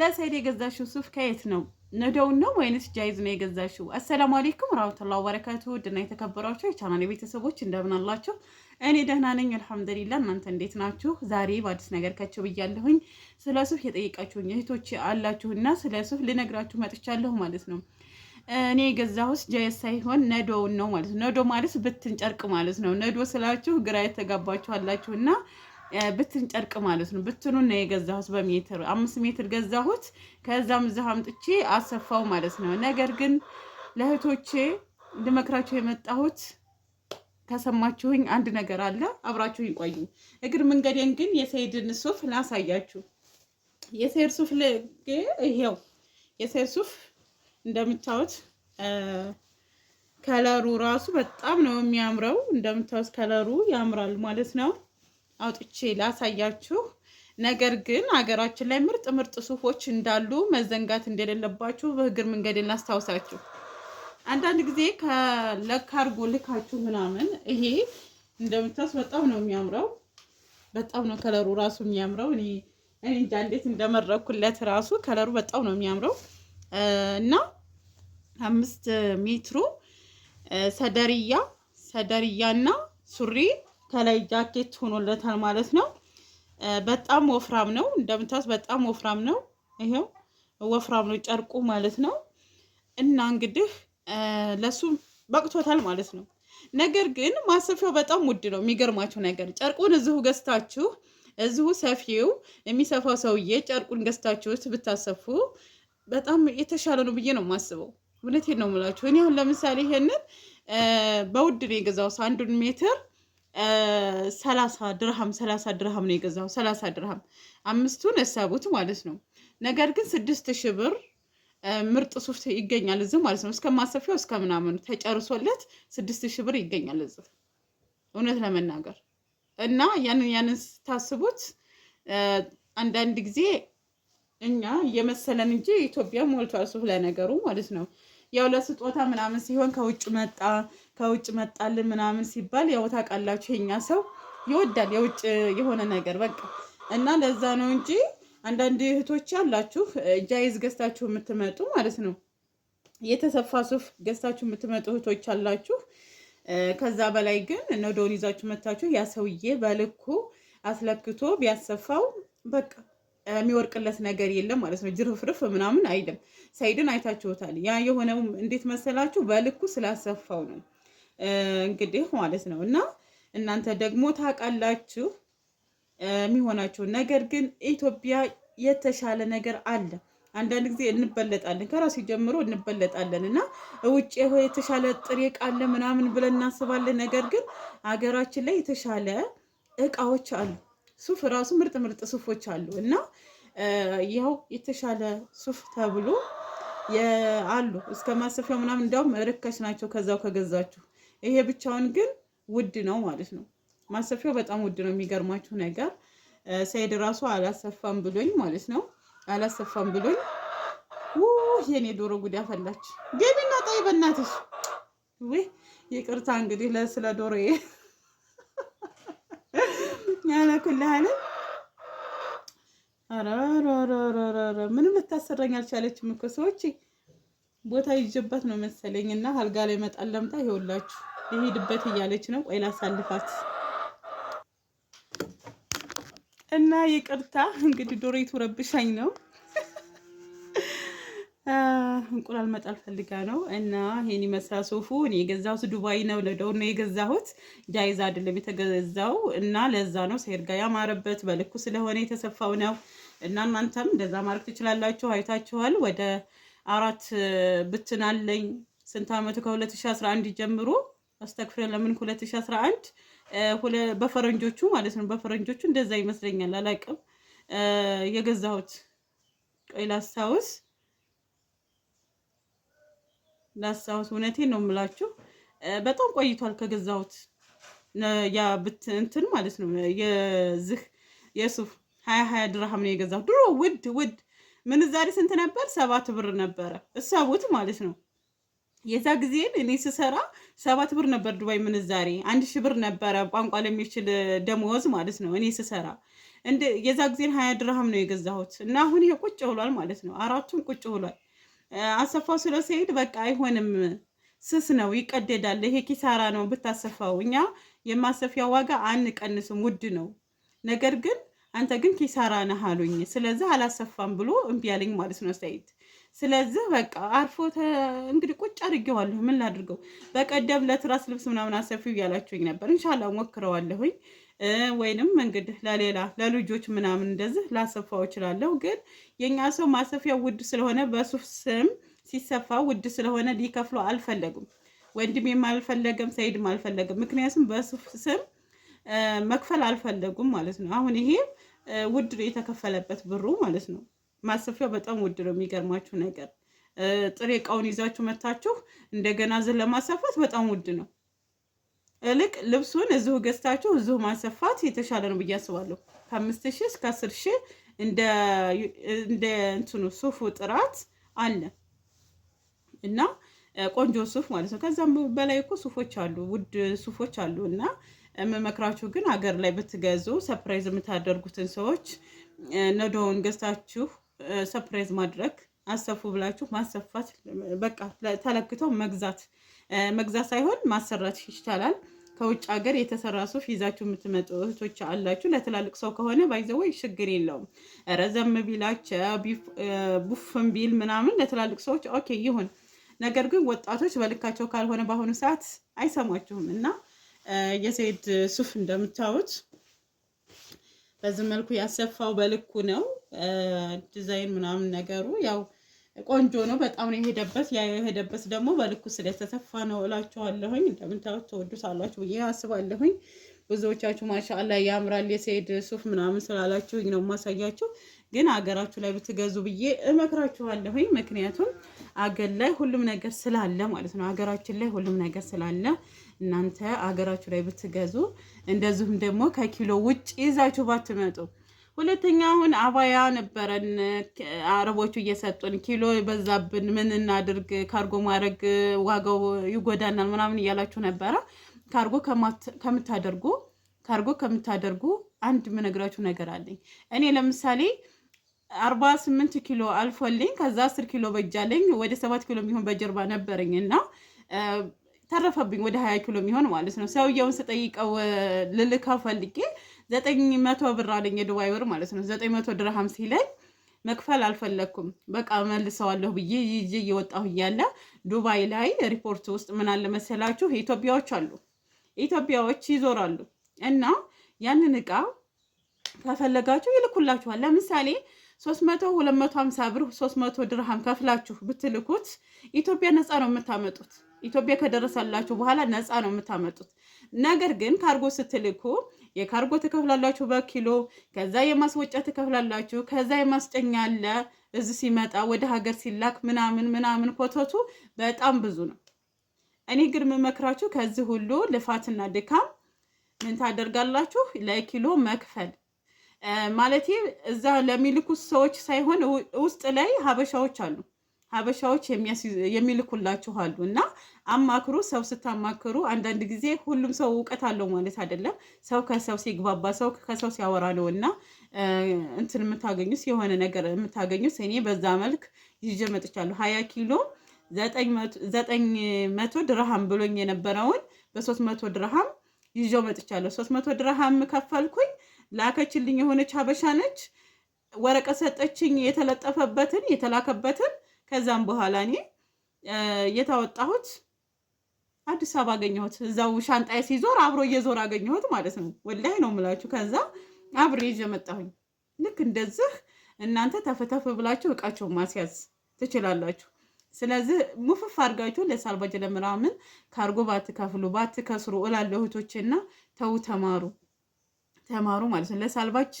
ለሰይድ የገዛሽው ሱፍ ከየት ነው? ነደውን ነው ወይንስ ጃይዝ ነው የገዛሽው? አሰላሙ አሌይኩም ራህመቱላሂ ወበረከቱ። ውድና የተከበራችሁ የቻናል ቤተሰቦች እንደምን አላችሁ? እኔ ደህና ነኝ አልሐምዱሊላ። እናንተ እንዴት ናችሁ? ዛሬ በአዲስ ነገር ከቸው ብያለሁኝ። ስለ ሱፍ የጠየቃችሁኝ እህቶች አላችሁና ስለ ሱፍ ልነግራችሁ መጥቻለሁ ማለት ነው። እኔ የገዛሁት ጃይዝ ሳይሆን ነዶውን ነው ማለት ነው። ነዶ ማለት ብትን ጨርቅ ማለት ነው። ነዶ ስላችሁ ግራ የተጋባችሁ አላችሁና ብትን ጨርቅ ማለት ነው። ብትኑን ነው የገዛሁት በሜትር አምስት ሜትር ገዛሁት። ከዛም እዚህ አምጥቼ አሰፋው ማለት ነው። ነገር ግን ለእህቶቼ እንድመክራቸው የመጣሁት ከሰማችሁኝ አንድ ነገር አለ። አብራችሁኝ ቆዩ። እግር መንገዴን ግን የሰይድን ሱፍ ላሳያችሁ። የሰይድ ሱፍ ይሄው የሰይድ ሱፍ እንደምታዩት ከለሩ ራሱ በጣም ነው የሚያምረው። እንደምታዩት ከለሩ ያምራል ማለት ነው። አውጥቼ ላሳያችሁ። ነገር ግን ሀገራችን ላይ ምርጥ ምርጥ ሱፎች እንዳሉ መዘንጋት እንደሌለባችሁ በእግር መንገድ እናስታውሳችሁ። አንዳንድ ጊዜ ከለካርጎ ልካችሁ ምናምን ይሄ እንደምታስ በጣም ነው የሚያምረው። በጣም ነው ከለሩ ራሱ የሚያምረው። እኔ እንጃ እንዴት እንደመረኩለት ራሱ ከለሩ በጣም ነው የሚያምረው እና አምስት ሜትሩ ሰደርያ ሰደርያና ሱሪ ከላይ ጃኬት ሆኖለታል ማለት ነው። በጣም ወፍራም ነው እንደምታስ በጣም ወፍራም ነው። ይሄው ወፍራም ነው ጨርቁ ማለት ነው። እና እንግዲህ ለሱ በቅቶታል ማለት ነው። ነገር ግን ማሰፊያው በጣም ውድ ነው። የሚገርማችሁ ነገር ጨርቁን እዚሁ ገዝታችሁ እዚሁ ሰፊው የሚሰፋው ሰውዬ ጨርቁን ገዝታችሁት ብታሰፉ በጣም የተሻለ ነው ብዬ ነው የማስበው። እውነቴን ነው የምላችሁ። እኔ አሁን ለምሳሌ ይሄንን በውድ ነው የገዛው አንዱን ሜትር ሰላሳ ድርሃም ሰላሳ ድርሃም ነው የገዛው። ሰላሳ ድርሃም አምስቱን ያሳቡት ማለት ነው። ነገር ግን ስድስት ሺህ ብር ምርጥ ሱፍ ይገኛል እዚህ ማለት ነው። እስከ ማሰፊያው እስከ ምናምኑ ተጨርሶለት ስድስት ሺህ ብር ይገኛል እዚህ እውነት ለመናገር እና ያንን ያንን ስታስቡት አንዳንድ ጊዜ እኛ እየመሰለን እንጂ ኢትዮጵያ ሞልቷል ሱፍ ለነገሩ ማለት ነው። ያው ለስጦታ ምናምን ሲሆን ከውጭ መጣ ከውጭ መጣልን ምናምን ሲባል ያው ታውቃላችሁ የኛ ሰው ይወዳል የውጭ የሆነ ነገር በቃ እና ለዛ ነው እንጂ አንዳንድ እህቶች አላችሁ ጃይዝ ገዝታችሁ የምትመጡ ማለት ነው። የተሰፋ ሱፍ ገዝታችሁ የምትመጡ እህቶች አላችሁ። ከዛ በላይ ግን ነዶን ይዛችሁ መታችሁ ያ ሰውዬ በልኩ አስለክቶ ቢያሰፋው በቃ የሚወርቅለት ነገር የለም ማለት ነው። ጅርፍርፍ ምናምን አይልም። ሰይድን አይታችሁታል። ያ የሆነው እንዴት መሰላችሁ? በልኩ ስላሰፋው ነው። እንግዲህ ማለት ነው እና እናንተ ደግሞ ታውቃላችሁ የሚሆናችሁ ነገር ግን ኢትዮጵያ የተሻለ ነገር አለ። አንዳንድ ጊዜ እንበለጣለን፣ ከራሱ ጀምሮ እንበለጣለን እና ውጭ የተሻለ ጥሬ እቃ አለ ምናምን ብለን እናስባለን። ነገር ግን ሀገራችን ላይ የተሻለ እቃዎች አሉ። ሱፍ ራሱ ምርጥ ምርጥ ሱፎች አሉ እና ያው የተሻለ ሱፍ ተብሎ አሉ እስከ ማሰፊያው ምናምን እንዲያውም ርካሽ ናቸው ከዛው ከገዛችሁ ይሄ ብቻውን ግን ውድ ነው ማለት ነው። ማሰፊያው በጣም ውድ ነው። የሚገርማችሁ ነገር ሰይድ ራሱ አላሰፋም ብሎኝ ማለት ነው። አላሰፋም ብሎኝ ውህ የኔ ዶሮ ጉዳ ፈላች። ገቢና ጣይ በእናትሽ ወይ ይቅርታ እንግዲህ ለስለ ዶሮ ያለኩልህለ ምንም ልታሰራኝ አልቻለችም እኮ ሰዎች ቦታ ይጀባት ነው መሰለኝ እና አልጋ ላይ መጣል ለምታ ይኸውላችሁ ይሄድበት እያለች ነው። ቆይ ላሳልፋት እና ይቅርታ እንግዲህ ዶሬቱ ረብሻኝ ነው። እንቁላል መጣል ፈልጋ ነው እና ይሄን ይመስላ ሶፉ። እኔ የገዛሁት ዱባይ ነው ለደው ነው የገዛሁት፣ ጃይዛ አይደለም የተገዛው እና ለዛ ነው ሰይድ ጋር ያማረበት በልኩ ስለሆነ የተሰፋው ነው እና እናንተም እንደዛ ማድረግ ትችላላችሁ። አይታችኋል። ወደ አራት ብትን አለኝ ስንት ዓመቱ ከ2011 ጀምሮ አስተክፍረ ለምን 2011 በፈረንጆቹ ማለት ነው። በፈረንጆቹ እንደዛ ይመስለኛል አላቅም። የገዛሁት ቆይ ላስታውስ ላስታውስ፣ እውነቴን ነው የምላችሁ በጣም ቆይቷል ከገዛሁት ያ ብት እንትን ማለት ነው የዝህ የሱፍ ሀያ ሀያ ድርሃም ነው የገዛሁት። ድሮ ውድ ውድ ምንዛሬ ስንት ነበር? ሰባት ብር ነበረ። እሰቡት ማለት ነው የዛ ጊዜን እኔ ስሰራ ሰባት ብር ነበር ዱባይ ምንዛሬ፣ አንድ ሺህ ብር ነበረ ቋንቋ ለሚችል ደመወዝ ማለት ነው። እኔ ስሰራ የዛ ጊዜን ሀያ ድርሃም ነው የገዛሁት እና አሁን ይሄ ቁጭ ብሏል ማለት ነው። አራቱን ቁጭ ብሏል። አሰፋው ስለ ሲሄድ በቃ አይሆንም፣ ስስ ነው፣ ይቀደዳል። ይሄ ኪሳራ ነው ብታሰፋው። እኛ የማሰፊያ ዋጋ አንቀንስም፣ ውድ ነው። ነገር ግን አንተ ግን ኪሳራ ነህ አሉኝ። ስለዚህ አላሰፋም ብሎ እምቢ አለኝ ማለት ነው ሰይድ ስለዚህ በቃ አርፎ እንግዲህ ቁጭ አድርጌዋለሁ። ምን ላድርገው? በቀደም ለትራስ ልብስ ምናምን አሰፊው እያላችሁኝ ነበር። እንሻላ ሞክረዋለሁኝ። ወይንም እንግዲህ ለሌላ ለልጆች ምናምን እንደዚህ ላሰፋው እችላለሁ። ግን የእኛ ሰው ማሰፊያ ውድ ስለሆነ በሱፍ ስም ሲሰፋ ውድ ስለሆነ ሊከፍሎ አልፈለጉም። ወንድሜም አልፈለገም፣ ሰይድም አልፈለገም። ምክንያቱም በሱፍ ስም መክፈል አልፈለጉም ማለት ነው። አሁን ይሄ ውድ የተከፈለበት ብሩ ማለት ነው። ማሰፊያው በጣም ውድ ነው። የሚገርማችሁ ነገር ጥሬ እቃውን ይዛችሁ መታችሁ እንደገና ዝን ለማሰፋት በጣም ውድ ነው። እልቅ ልብሱን እዚሁ ገዝታችሁ እዚሁ ማሰፋት የተሻለ ነው ብዬ አስባለሁ። ከአምስት ሺህ እስከ አስር ሺህ እንደ እንትኑ ሱፉ ጥራት አለ እና ቆንጆ ሱፍ ማለት ነው። ከዛም በላይ እኮ ሱፎች አሉ፣ ውድ ሱፎች አሉ እና የምመክራችሁ ግን ሀገር ላይ ብትገዙ ሰፕራይዝ የምታደርጉትን ሰዎች ነዶውን ገዝታችሁ ሰፕራይዝ ማድረግ አሰፉ ብላችሁ ማሰፋት፣ በቃ ተለክቶ መግዛት መግዛት ሳይሆን ማሰራት ይቻላል። ከውጭ ሀገር የተሰራ ሱፍ ይዛችሁ የምትመጡ እህቶች አላችሁ። ለትላልቅ ሰው ከሆነ ባይዘወይ ችግር የለውም። ረዘም ቢላቸ ቡፍን ቢል ምናምን ለትላልቅ ሰዎች ኦኬ ይሁን። ነገር ግን ወጣቶች በልካቸው ካልሆነ በአሁኑ ሰዓት አይሰማችሁም እና የሰይድ ሱፍ እንደምታዩት በዚህ መልኩ ያሰፋው በልኩ ነው። ዲዛይን ምናምን ነገሩ ያው ቆንጆ ነው። በጣም ነው የሄደበት። ያ የሄደበት ደግሞ በልኩ ስለተሰፋ ነው እላችኋለሁኝ። እንደምታዩት ተወዱታላችሁ ብዬ አስባለሁኝ። ብዙዎቻችሁ ማሻአላ ያምራል የሰይድ ሱፍ ምናምን ስላላችሁ ነው የማሳያችሁ። ግን አገራችሁ ላይ ብትገዙ ብዬ እመክራችኋለሁኝ። ምክንያቱም አገር ላይ ሁሉም ነገር ስላለ ማለት ነው። አገራችን ላይ ሁሉም ነገር ስላለ እናንተ አገራችሁ ላይ ብትገዙ፣ እንደዚሁም ደግሞ ከኪሎ ውጭ ይዛችሁ ባትመጡ። ሁለተኛ አሁን አባያ ነበረን አረቦቹ እየሰጡን ኪሎ በዛብን፣ ምን እናድርግ፣ ካርጎ ማድረግ ዋጋው ይጎዳናል ምናምን እያላችሁ ነበረ ታርጎ ከምታደርጉ ታርጎ ከምታደርጉ አንድ የምነግራችሁ ነገር አለኝ። እኔ ለምሳሌ አርባ ስምንት ኪሎ አልፎልኝ ከዛ አስር ኪሎ በጃለኝ ወደ ሰባት ኪሎ የሚሆን በጀርባ ነበረኝ እና ተረፈብኝ ወደ ሀያ ኪሎ የሚሆን ማለት ነው። ሰውየውን ስጠይቀው ልልካ ፈልጌ ዘጠኝ መቶ ብር አለኝ የዱባይ ብር ማለት ነው። ዘጠኝ መቶ ድርሃም ሲለኝ መክፈል አልፈለግኩም። በቃ መልሰዋለሁ ብዬ ይዤ እየወጣሁ እያለ ዱባይ ላይ ሪፖርት ውስጥ ምን አለ መሰላችሁ ኢትዮጵያዎች አሉ ኢትዮጵያዎች ይዞራሉ እና ያንን እቃ ከፈለጋችሁ ይልኩላችኋል። ለምሳሌ 300 250 ብር 300 ድርሃም ከፍላችሁ ብትልኩት ኢትዮጵያ ነፃ ነው የምታመጡት። ኢትዮጵያ ከደረሰላችሁ በኋላ ነፃ ነው የምታመጡት። ነገር ግን ካርጎ ስትልኩ የካርጎ ትከፍላላችሁ በኪሎ፣ ከዛ የማስወጫ ትከፍላላችሁ፣ ከዛ የማስጨኛ አለ። እዚህ ሲመጣ ወደ ሀገር ሲላክ ምናምን ምናምን ኮተቱ በጣም ብዙ ነው። እኔ ግን የምመክራችሁ ከዚህ ሁሉ ልፋትና ድካም ምን ታደርጋላችሁ? ለኪሎ መክፈል ማለት እዛ ለሚልኩት ሰዎች ሳይሆን ውስጥ ላይ ሀበሻዎች አሉ ሀበሻዎች የሚልኩላችሁ አሉ። እና አማክሩ። ሰው ስታማክሩ አንዳንድ ጊዜ ሁሉም ሰው እውቀት አለው ማለት አይደለም። ሰው ከሰው ሲግባባ፣ ሰው ከሰው ሲያወራ ነው እና እንትን የምታገኙት የሆነ ነገር የምታገኙት። እኔ በዛ መልክ ይዤ መጥቻለሁ ሀያ ኪሎም ዘጠኝ መቶ ድርሃም ብሎኝ የነበረውን በሶስት መቶ ድርሃም ይዤው መጥቻለሁ። ሶስት መቶ ድርሃም ከፈልኩኝ። ላከችልኝ የሆነች ሀበሻ ነች። ወረቀት ሰጠችኝ፣ የተለጠፈበትን የተላከበትን። ከዛም በኋላ እኔ የታወጣሁት አዲስ አበባ አገኘሁት። እዛው ሻንጣ ሲዞር አብሮ እየዞር አገኘሁት ማለት ነው። ወላይ ነው ምላችሁ። ከዛ አብሬ ይዤ መጣሁኝ። ልክ እንደዚህ እናንተ ተፈተፍ ብላችሁ እቃቸው ማስያዝ ትችላላችሁ። ስለዚህ ሙፍፍ አድርጋችሁ ለሳልባጅ ለምናምን ካርጎ ባትከፍሉ ባትከስሩ እላለሁ እህቶቼና፣ ተው ተማሩ ተማሩ ማለት ነው። ለሳልባጅ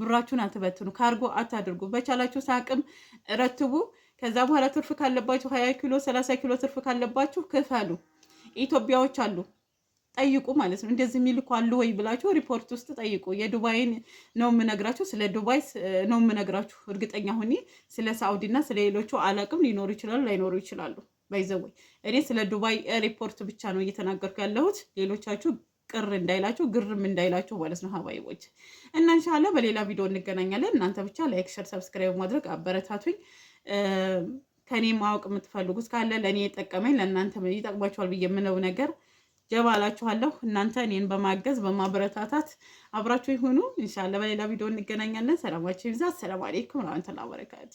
ብራችሁን አትበትኑ፣ ካርጎ አታድርጉ። በቻላችሁ ሳቅም ረትቡ። ከዛ በኋላ ትርፍ ካለባችሁ ሀያ ኪሎ ሰላሳ ኪሎ ትርፍ ካለባችሁ ክፈሉ። ኢትዮጵያዎች አሉ ጠይቁ ማለት ነው። እንደዚህ የሚልኩ አሉ ወይ ብላችሁ ሪፖርት ውስጥ ጠይቁ። የዱባይን ነው የምነግራችሁ፣ ስለ ዱባይ ነው የምነግራችሁ። እርግጠኛ ሁኔ ስለ ሳዑዲ እና ስለ ሌሎቹ አላቅም። ሊኖሩ ይችላሉ፣ ላይኖሩ ይችላሉ። ባይዘወይ እኔ ስለ ዱባይ ሪፖርት ብቻ ነው እየተናገርኩ ያለሁት። ሌሎቻችሁ ቅር እንዳይላችሁ ግርም እንዳይላችሁ ማለት ነው ሀባይቦች። እና እንሻላ በሌላ ቪዲዮ እንገናኛለን። እናንተ ብቻ ላይክ፣ ሸር፣ ሰብስክራይብ ማድረግ አበረታቱኝ። ከኔ ማወቅ የምትፈልጉት ካለ ለእኔ የጠቀመኝ ለእናንተ ይጠቅማችኋል ብዬ የምለው ነገር ጀባ አላችኋለሁ። እናንተ እኔን በማገዝ በማበረታታት አብራችሁ ይሁኑ። ኢንሻአላህ በሌላ ቪዲዮ እንገናኛለን። ሰላማችሁ ይብዛ። ሰላም አሌይኩም ወራህመቱላሂ ወበረካቱ